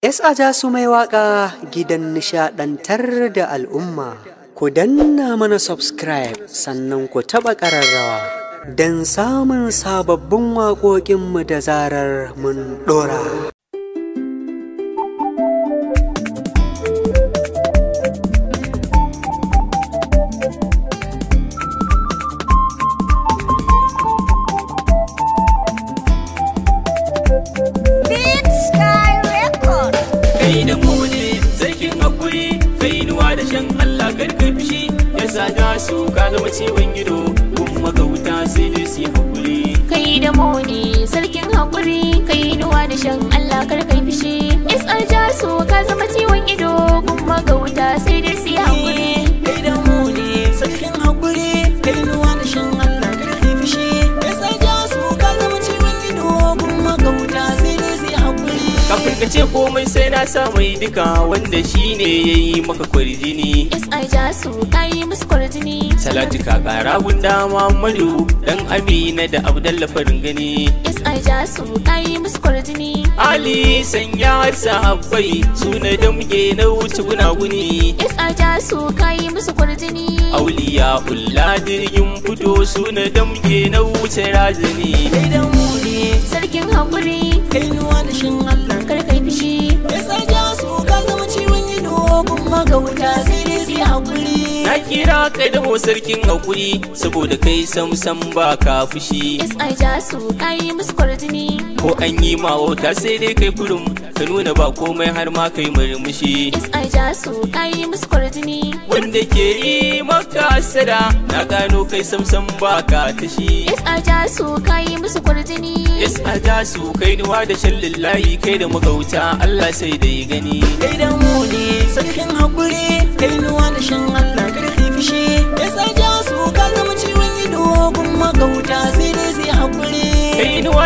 Yes, su mai waƙa gidan nishadantar da al'umma. Ku danna mana subscribe sannan ku taɓa ƙararrawa don samun sababbin waƙoƙinmu da zarar mun ɗora. tsada su ka zama ciwon gido kun magauta sai dai su yi hakuri kai da moni sarkin hakuri kai nuwa da shan Allah kar kai fishi su ka zama ciwon ido kun magauta sai ce komai sai na sa mai duka wanda shi ne ya yi maka kwarjini si su ka yi musu kwarjini ka kara gunda muhammadu dan amina da abdalla farin gani si su ka yi musu kwarjini ali sanya sahabbai suna da muke na wuce gunaguni si su ka yi musu kwarjini auliya ulla jirgin fito suna da muke na wuce rajini kai da muni sarkin hakuri kai nuwa da shin allah kauta sai dai su hakuri na kira ka da ho sarkin hakuri saboda kai sam sam ba ka fushi is i su ai musu jini ko an yi ma wauta sai dai kai kurum ka nuna ba komai har ma kai murmushi is i su ai musu jini wanda ke yi maka sada na gano kai sam sam ba ka tashi is i su kai musu jini ta su kai nuwa da shan layi kai da magauta Allah sai da ya gani kai da muni sarkin haƙuri kai nuwa da shan Allah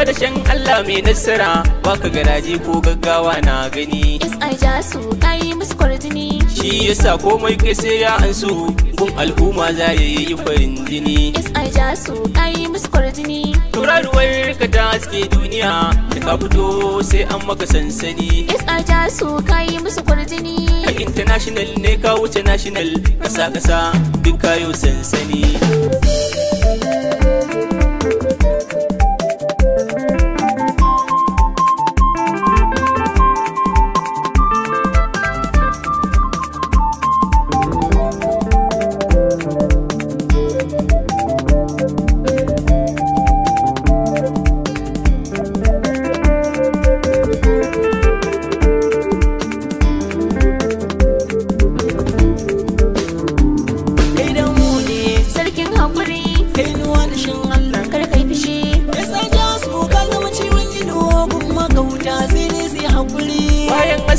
rashen Allah mai nasara baka garaje ko gaggawa na gani is ja su ai musu kwarjini shi yasa komai kai sai ya ansu gun al'umma za ya yi farin jini is ja su ai musu kwarjini turaruwar ka ta haske duniya da ka fito sai an maka sansani is ja su kai musu kwarjini a international ne ka wuce national kasa kasa duk kayo sansani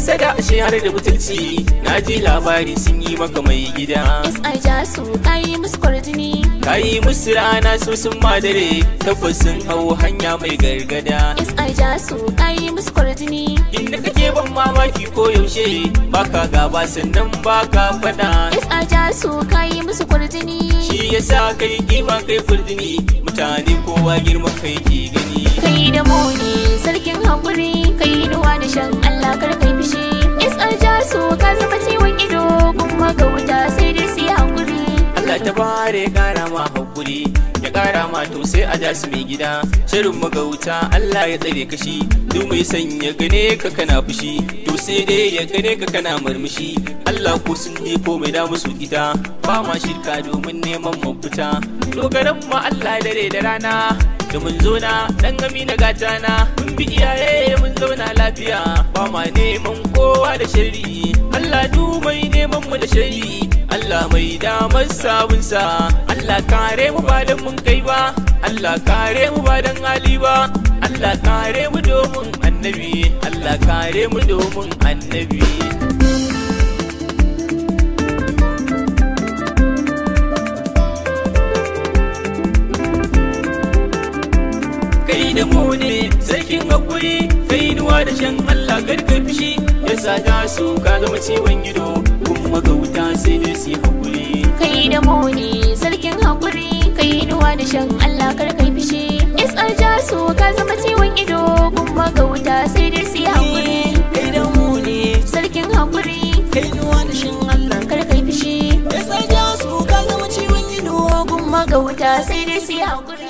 saka ashe har da butulci na ji labari sun yi maka mai gida is a ja su kai musu kwarjini kai musu rana su sun madare tabbas sun hau hanya mai gargada is a ja su kayi musu kwarjini inda kake ban mamaki ko yaushe baka gaba sannan baka fada is a ja su kai musu kwarjini shi yasa kai kima kai furdini mutane kowa girma kai ke gani kai da mu ne sarki ya kara ma hakuri ya kara ma to sai a ja su mai gida shirin magauta Allah ya tsare kashi duk mai ya gane ka kana fushi to sai dai ya gane ka kana murmushi Allah ko sun je ko mai da musu ita ba ma shirka domin neman mafita dogaran ma Allah dare da rana da mun zauna dan gami na gata na mun bi iyaye mun zauna lafiya ba ma neman kowa da shari Allah du mai neman mu da shari. Allah mai damar sabunsa Allah kare mu ba don mun kai ba Allah kare mu ba don hali ba Allah kare mu domin annabi Allah kare mu domin annabi kai da mu ne sarkin hakuri kai nuwa da shan Allah shi yasa ta su ka zama ciwon gido kun magauta sai dai su yi hakuri kai da muni sarkin haƙuri. kai nuwa da shan Allah kar kai fishi isar jasu ka zama ciwon ido kun magauta sai dai su yi haƙuri. kai da muni sarkin haƙuri. kai nuwa da shan Allah kar kai fishi isar jasu ka zama ciwon ido kun magauta sai dai su yi haƙuri.